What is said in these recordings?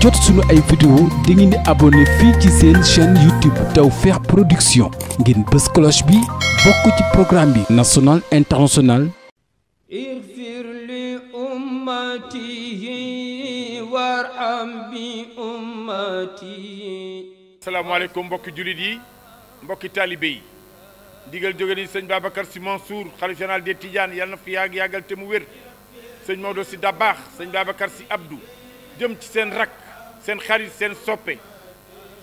jot suñu ay vidéo da ngeen di abonné fii ci seen chaîne YouTube Tawfekh Production ngeen bës cloche bi bokk ci programme bi national international اغفر لأمته وارحم بأمتي salaamaaleykum mbokki jullit yi mbokki taalibe yi ndigal jóge ni sëñ Babacar Sy Mansour xalif général des Tidianes na fi yàgg yàggal te mu wér sëñ Maodo Sy Dabakh sëñ Babacar Sy Abdou jëm ci seen rak seen xarit seen soppe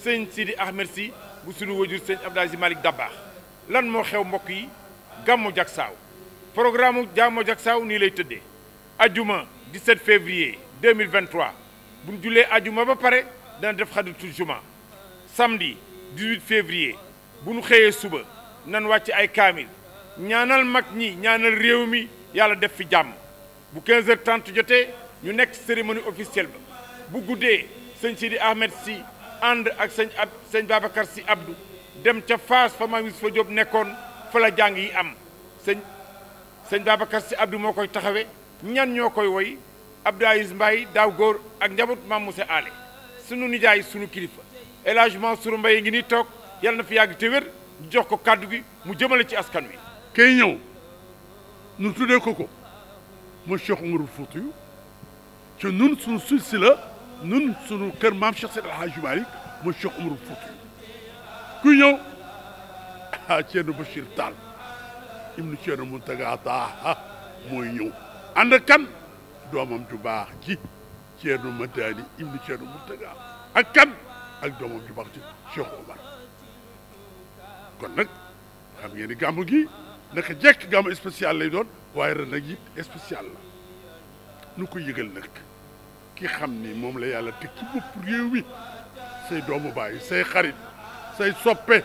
sëñ Sidi Ahmed si bu sunu wajur sëñ Abdoul Aziz Malick Dabakh lan moo xew mbokk yi gàmmu Diacksao programme u gàmmu Diacksao nii lay tëddee ajuma 17 février 2023 bu ñu julee ajuma ba pare dana def xaditul juma samedi 18 février bu ñu xëyee suba nan wàcc ay kaamil ñaanal mag ñi ñaanal réew mi yàlla def fi jàmm bu 15 heures 30 jotee ñu nekk cérémonie officielle ba bu guddee sëñ Sidi Ahmed si ànd ak sëñ ab sëñ Babacar si Abdou dem ca Faas fa Mame Youssoupha Diop nekkoon fa la jàng yi am sëñ sëñ Babacar si Abdou moo koy taxawe ñan ñoo koy woy Abdou Aziz Mbaye daaw góor ak njaboot Mame Moussa Allé sunu nijaay sunu kilifa El Hadj Mansour ngi ni toog yàlla na fi yàgg te wér jox ko kàddu gi mu jëmale ci askan wi. kay ñëw nu tuddee ko ko mu Cheikh Oumar Foutiyou ci nun sunu silsila nun sunu kër maam Cheikh Seydi El Hadji Malick mooy Cheikh Oumar ku ñëw ah Thierno Bachir Tall ibnu Thierno Mountaga Taaha mooy ñëw ànd kan doomam ju baax ji Thierno Madani ibnu Thierno Mountaga ak kan ak doomam ju ji Cheikh Omar kon nag xam ngeen ni gi naka jekk gàmmu spécial lay doon waaye ren nag it spécial nu ko yëgal nag ki xam ni moom la yàlla teg ci bopp réew mi say doomu baay say xarit soppe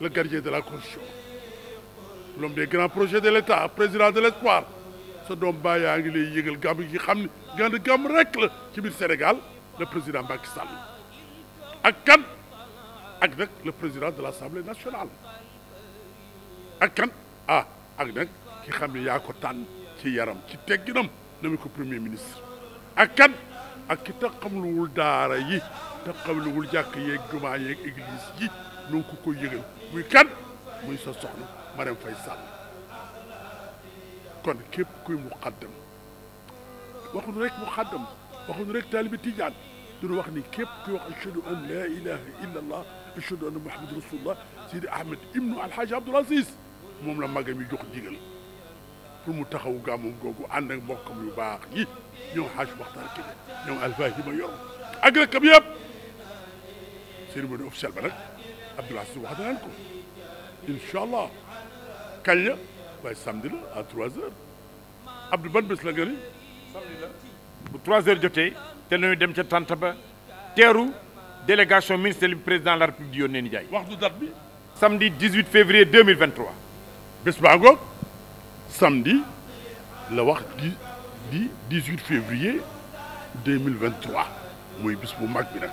le gardien de la constitution l'homme des grands projets de l'État président de l'espoir sa doom baay yaa ngi lay yëgal gàmm gi xam ni gànd gàmm rek la ci biir Sénégal le président Macky Sall ak kan ak le président de l'Assemblée nationale ak kan ah ak nag ki xam ne yaa ko tànn ci yaram ci tegginam na mu ko premier ministre ak kan ak ki taxamluwul daara yi taxamluwul jàkk yeeg jumaa yeeg église yi nu ko koy yëgal muy kan muy sa soxna Marème Faye kon képp kuy mu xaddam waxuñu rek mu xaddam waxuñu rek taalibi tijaan duñu wax ni képp kuy wax ashhadu an la ilaha illa allah ashhadu anna muhammadu rasulullah sidi ahmed ibnu alhaaji abdoul aziz moom la magam yi jox ndigal pour mu taxawu gàmmum googu ànd ak mbokkam yu baax yi ñoom xaaj waxtaan kii ñoom alfahima yor ak rakkam yëpp cérémonie officielle ba nag Abdoul Aziz wax na leen ko incha allah kañ la waaye samedi la à 3h ban bés la nga ni samedi la bu 3 dem ca tant ba teeru délégation ministère bi président de la république yónnee ni jaay. waxtu date bi. samedi 18 février 2023. bés baa ngoog. samedi la wax di di 18 février 2023 muy bis mu mag bi nag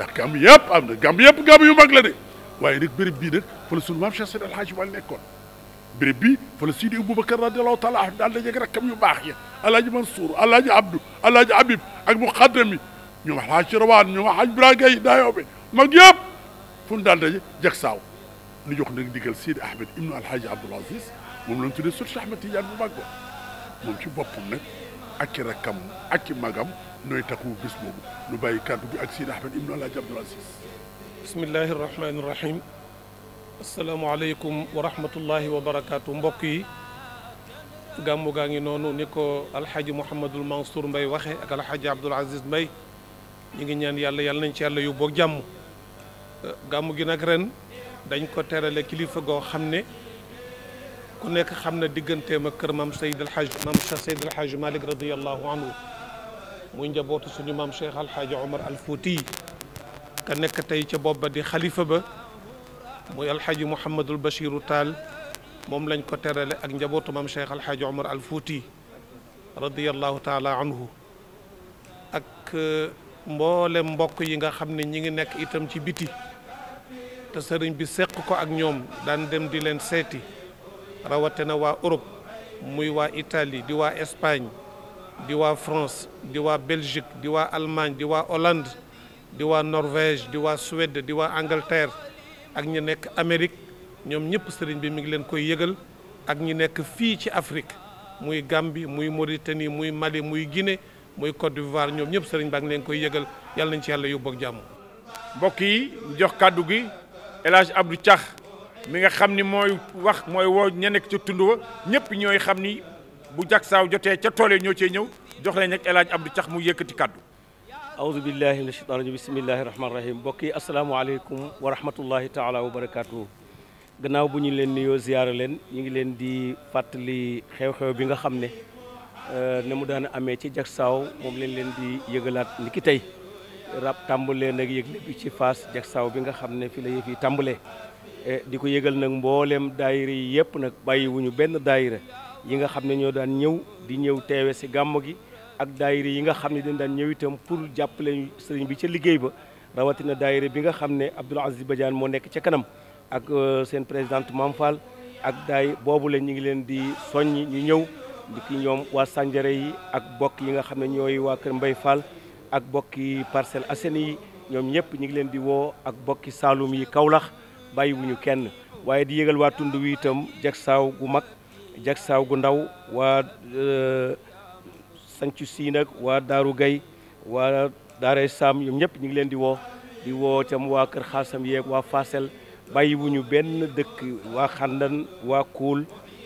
ndax gàmm yëpp am na gàmm yëpp gàmm yu mag la de waaye nag béréb bii nag fa la sunu maam Cheikh Seydi El Hadji Malick nekkoon béréb bii fa la Sidi Aboubacar radiyallahu taala anhu daal dajeeg rakkam yu baax ya alaaji Mansour alaaji Abdou alaaji Habib ak muqaddam yi ñoom alaaji Rawaan ñoom alaaji Braga yi daayoo mag yëpp fu mu daal daje jag saaw ñu jox nag ndigal Sidi Ahmed ibnu alaaji Abdoul Aziz moom lañ su Sëriñ Ahmed bu mag ba moom ci boppam nag ak i rakkam ak i magam nooy taxu bis boobu nu bàyyi kàddu bi ak Sidi Ahmed Ibn Alaaji Abdoul Aziz bismillahi rahmaani mbokk yi gàmmu gaa ngi noonu ni ko alxaaji Mouhamadul Mansour Mbay waxe ak alxaaji Abdoul Aziz Mbay ñu ngi ñaan yàlla yàlla nañ ci yàlla yóbbu ak jàmm gàmmu gi nag ren dañ ko terale kilifa goo xam ne ku nekk xam na diggante ak kër maam Seydil Hadj maam Cheikh Seydil Hadj Malick radiyallahu anhu muy njabootu suñu maam Cheikh Al Hadj Omar Al Fouti ka nekk tey ca bopp ba di xalifa ba muy Al Hadj Mouhamadul Bachiru Taal moom lañ ko terale ak njabootu maam Cheikh Al Hadj Omar Al Fouti radiyallahu taala anhu ak euh, mboole mbokk yi nga xam ne ñi ngi nekk itam ci biti te sëriñ bi seq ko ak ñoom daan dem di leen seeti. rawatina waa Europe muy waa Italie di waa Espagne di waa France di waa Belgique di waa Allemagne di waa Hollande di waa norvege di waa Suède di waa Angleterre ak ñu nekk Amérique ñoom ñëpp sëriñ bi mu ngi leen koy yëgal ak ñu nekk fii ci Afrique muy Gambie muy Mauritanie muy Mali muy Guinée muy Côte d'Ivoire ñoom ñëpp sëriñ baa ngi leen koy yëgal yàlla nañ ci yàlla yu ak jàmm. mbokk yi jox kàddu gi El Hadj cax mi nga xam ni mooy wax mooy woo ña nekk ca tund wa ñëpp ñooy xam ni bu jagsaaw jotee ca tool yi ñoo cee ñëw jox leen ak El Hadj Abdou cax mu yëkkati kàddu aoudu billahi min asheitan rajim bismillahi rahmani rahim mbokk yi asalaamaaleykum wa rahmatullahi taala wa barakatuhu gannaaw bu ñu leen nuyoo ziyaara leen ñu ngi leen di fàttali xew-xew bi nga xam ne euh, ne mu daan amee ci jagsaaw moom leen leen di yëgalaat ni ki tey rab tàmbalee nag yëgle bi ci Fass jagsaaw bi nga xam ne fi la yëf yi tàmbalee Eh, di ko yëgal nag mbooleem daayira yi yëpp nag bàyyiwuñu benn daayira yi nga xam ne ñoo daan ñëw di ñëw teewe si gàmm gi ak daayira yi nga xam ne dañ daan ñëw itam pour jàppale sëriñ bi ca liggéey ba rawatina daayira bi nga xam ne Abdoul Aziz Badiane moo nekk ca kanam ak euh, seen présidente Mame Fall ak daay boobu la ñu ngi leen di soññ ñu ñëw di ñoom waa Sandiara yi ak bokk yi nga xam ne ñooy waa Kër Mbay Fall ak bokki Parcelles Assainies yi ñoom ñëpp ñu ngi leen di woo ak bokki Saloum yi Kaolack bàyyiwuñu kenn waaye di yëgal waa tund wi itam jag saaw gu mag jag saaw gu ndaw waa eh, sancu siin waa daaru gay waa daaray saam ñoom ñëpp ñu ngi leen di woo di woo tam waa kër xaasam yeeg waa fasel bàyyiwuñu benn dëkk waa xandan waa kuul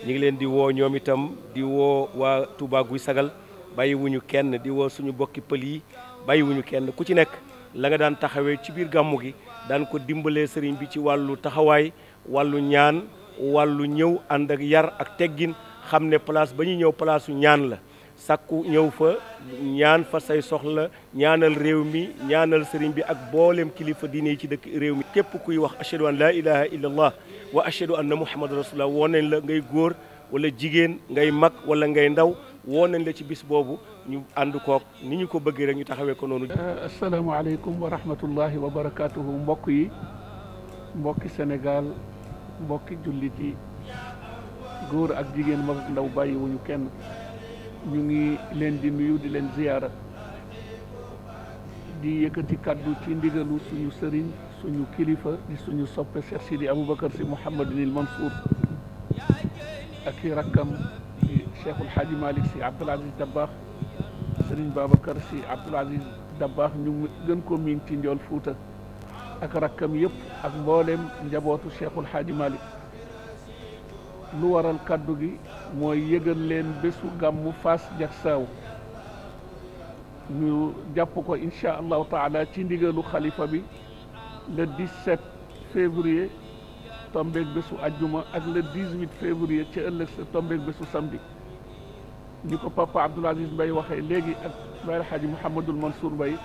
ñu ngi leen di woo ñoom itam di woo waa Touba guy sagal bàyyiwuñu kenn di woo suñu bokki pël yi bàyyiwuñu kenn ku ci nekk la nga daan taxawee ci biir gàmmu gi daan ko dimbalee sëriñ bi ci wàllu taxawaay wàllu ñaan wàllu ñëw ànd ak yar ak teggin xam ne place ba ñu ñëw place ñaan la sakku ñëw fa ñaan fa say soxla ñaanal réew mi ñaanal sëriñ bi ak booleem kilifa diine yi ci dëkk réew mi képp kuy wax ashadu laa ilaha illa wa ashadu anna muhammad rasulullah woo nañ la ngay góor wala jigéen ngay mag wala ngay ndaw woo nañ la ci bis boobu ñu ànd ni ñu ko bëggee rek ñu taxawee ko noonu. Euh, asalaamaaleykum wa rahmatullahi wa barakaatuhu mbokk yi mbokki Sénégal mbokki jullit yi góor ak jigéen mag ak ndaw bàyyiwuñu kenn ñu ngi leen di nuyu di leen ziyaara di yëkkati kàddu ci ndigalu suñu sëriñ suñu kilifa di suñu soppe Cheikh Sidi Aboubacar si Mouhamadinil Mansour ak i rakkam. Cheikhul Hadji malik si Abdoul Aziz Dabakh Serigne Babacar Sy Abdoul Aziz ko miin ci Ndiol Fouta ak rakkam yëpp ak mboolem njabootu Cheikhul Hadji Malick lu waral kaddu gi mooy yëgal leen bésu gàmmu Fass Diacksao ñu jàpp ko incha allahu taala ci ndigalu xalifa bi le 17 février tombeeg bésu ajjuma ak le 18 février ci ëllëg sa tombeeg bésu samedi ni ko papa Abdoul Aziz Mbaye waxee léegi ak Baye Alhaji Mouhamadul Mansour Mbaye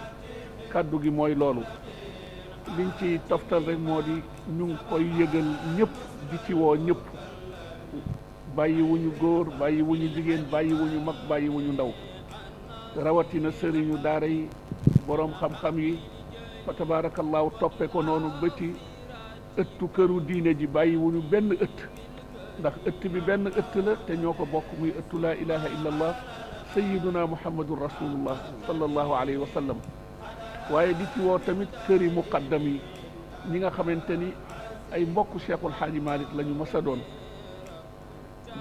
kàddu gi mooy loolu liñ ci toftal rek moo di ñu ngi koy yëgal ñëpp di ci woo ñëpp bàyyi wuñu góor bàyyi ñu jigéen bàyyi ñu mag bàyyi wuñu ndaw rawatina sëriñu daara yi boroom xam-xam yi fa tabaarakallaahu toppe ko noonu ba ci ëttu këru diine ji bàyyi wuñu benn ëtt ndax ëtt bi benn ëtt la te ñoo ko bokk muy ëttu laa ilaha illa allah sayiduna muhammadun rasulullah sallallahu alayhi waaye di ci woo tamit kër yi muqaddam yi ñi nga xamante ni ay mbokk cheikhul xaaji malik la ñu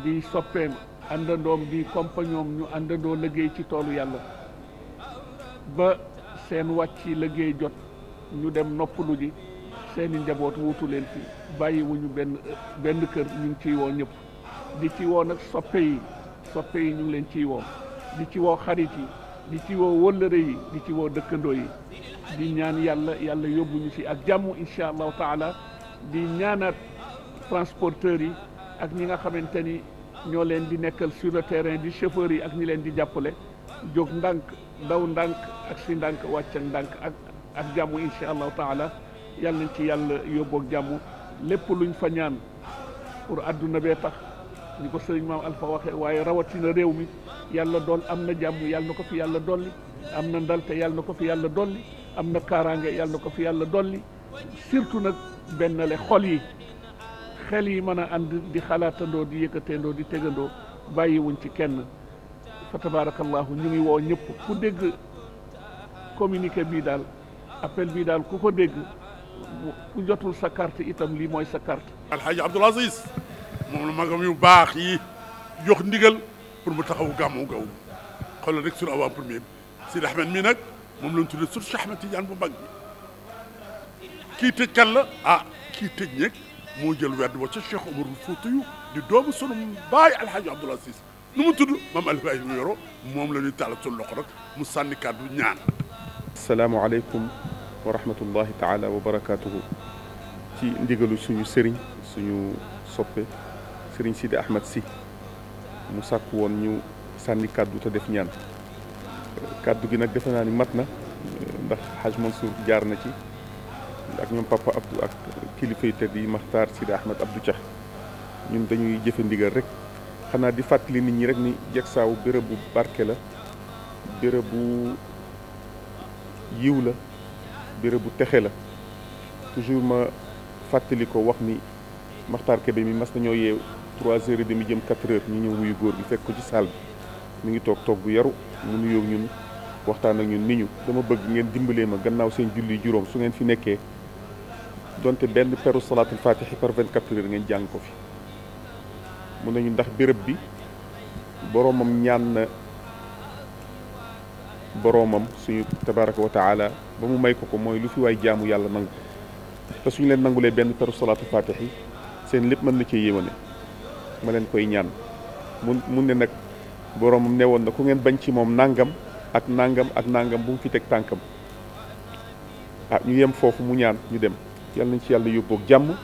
di soppeem àndandoom di compagnon ñu àndandoo liggéey ci toolu yàlla ba seen wàcc liggéey jot ñu dem noppalu ji seeni njaboot wuutu leen fi bàyyi wuñu benn benn kër ñu ngi ciy woo ñëpp di ci woo nag soppe yi soppe yi ñu leen ciy woo di ci woo xarit yi di ci woo wëllëre yi di ci woo dëkkandoo yi di ñaan yàlla yàlla yóbbuñu si ak jàmm incha allahu taala di ñaanaat transporteurs yi ak ñi nga xamante ni ñoo leen di nekkal sur le terrain di chauffeurs yi ak ñi leen di jàppale jóg ndànk daw ndànk ak si ndànk wàcc ndànk ak ak jàmm incha allahu taala yàlla nañ ci yàlla yóbbook jàmm lépp luñ fa ñaan pour adduna bee tax ni ko sëriñ maam Alpha waxee waaye rawatina réew mi yàlla dool am na jàmm yàlla na ko fi yàlla dolli am na ndalte yàlla na ko fi yàlla dolli am na kaaraange yàlla na ko fi yàlla dolli surtout nag benn le xol yi xel yi mën a ànd di xalaatandoo di yëkkateendoo di tegandoo bàyyiwuñ ci kenn fa tabarakallahu ñu ngi woo ñëpp ku dégg communiqué bii daal appel bii daal ku ko dégg ku jotul itam lii mooy sa carte. alxaaji Abdoul moom la magam yu baax yi jox ndigal pour mu taxawu gàmmu gaw xoolal rek suñu avant premier bi Sidi Ahmed mii nag moom lañ tuddee sur Cheikh Ahmed Tidiane bu mag bi kii tëj kan la ah kii tëj ñeeg moo jël werd wa ca Cheikh Omarul Foutiyu di doomu sunu baay alxaaji Abdoul Aziz nu mu tudd maam Aliou Baye mu yoro moom la ñuy tàllal sunu rek mu sànni kàddu ñaan. salaamaaleykum. wa rahmatullahi taala wa barakaatuhu ci ndigalu suñu sëriñ suñu soppe sëriñ Sidi Ahmed si mu sàkk woon ñu sànni kàddu te def ñaan kàddu gi nag defe naa ni mat na ndax Haj Mansour jaar na ci ak ñoom papa Abdou ak kilifa yu tedd yi Maxtaar Sidi Ahmed Abdou Dia ñun dañuy jëfe ndigal rek xanaa di fàttali nit ñi rek ni Diegsaw béréb bu barke la béréb bu yiw la bërëb bu texe la toujours ma fàttali ko wax ni Makhtar Kébé mi mas nañoo yeew trois heures et demi jëm quatre heures ñu ñëw wuyu góor bi fekk ko ci salle bi mi ngi toog toog bu yaru mu nuyoo ñun waxtaan ak ñun ni ñu dama bëgg ngeen dimbalee ma gannaaw seen julli juróom su ngeen fi nekkee donte benn peru salaatul faatihi par vingt quatre heures ngeen jàng ko fi mun nañu ndax bërëb bi boromam ñaan na boroomam suñu tabaraka wa ba mu may ko ko mooy lu fi waay jaamu yàlla nangu te suñu leen nangulee benn peru salaatu fatix yi seen lépp mën na cee yéwéne ma leen koy ñaan mun mun ne nag boroomam ne woon na ku ngeen bañ ci moom nangam ak nangam ak nangam bu mu fi teg tànkam ah ñu yem foofu mu ñaan ñu dem yàlla nañ ci yàlla yóbboog jàmm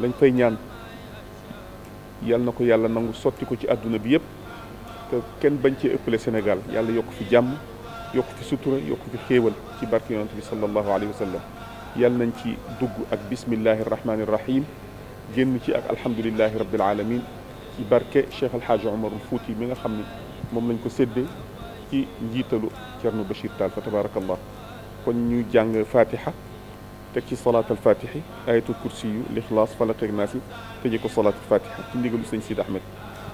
lañ koy ñaan yàlla na ko yàlla nangu sotti ko ci àdduna bi yëpp kenn bañ cee ëppale Sénégal yàlla yokk fi jàmm yokk fi sutura yokk fi xéewal ci barke yonent bi sallallahu alayhi wa sallam yàlla nañ ci dugg ak bismillahi rahmani rahim génn ci ak alhamdulilahi rabbil alamin ci barke Cheikh El Hadj Omarul Fouti mi nga xam ne moom lañ ko séddee ci njiitalu Thierno Bachir Tall fa tabarakallah kon ñu jàng fatiha teg ci salaat al fatihi ayatul kursi yu lixlaas falaq ak naas yi tëjee ko salaat al fatiha ci ndigalu Ahmed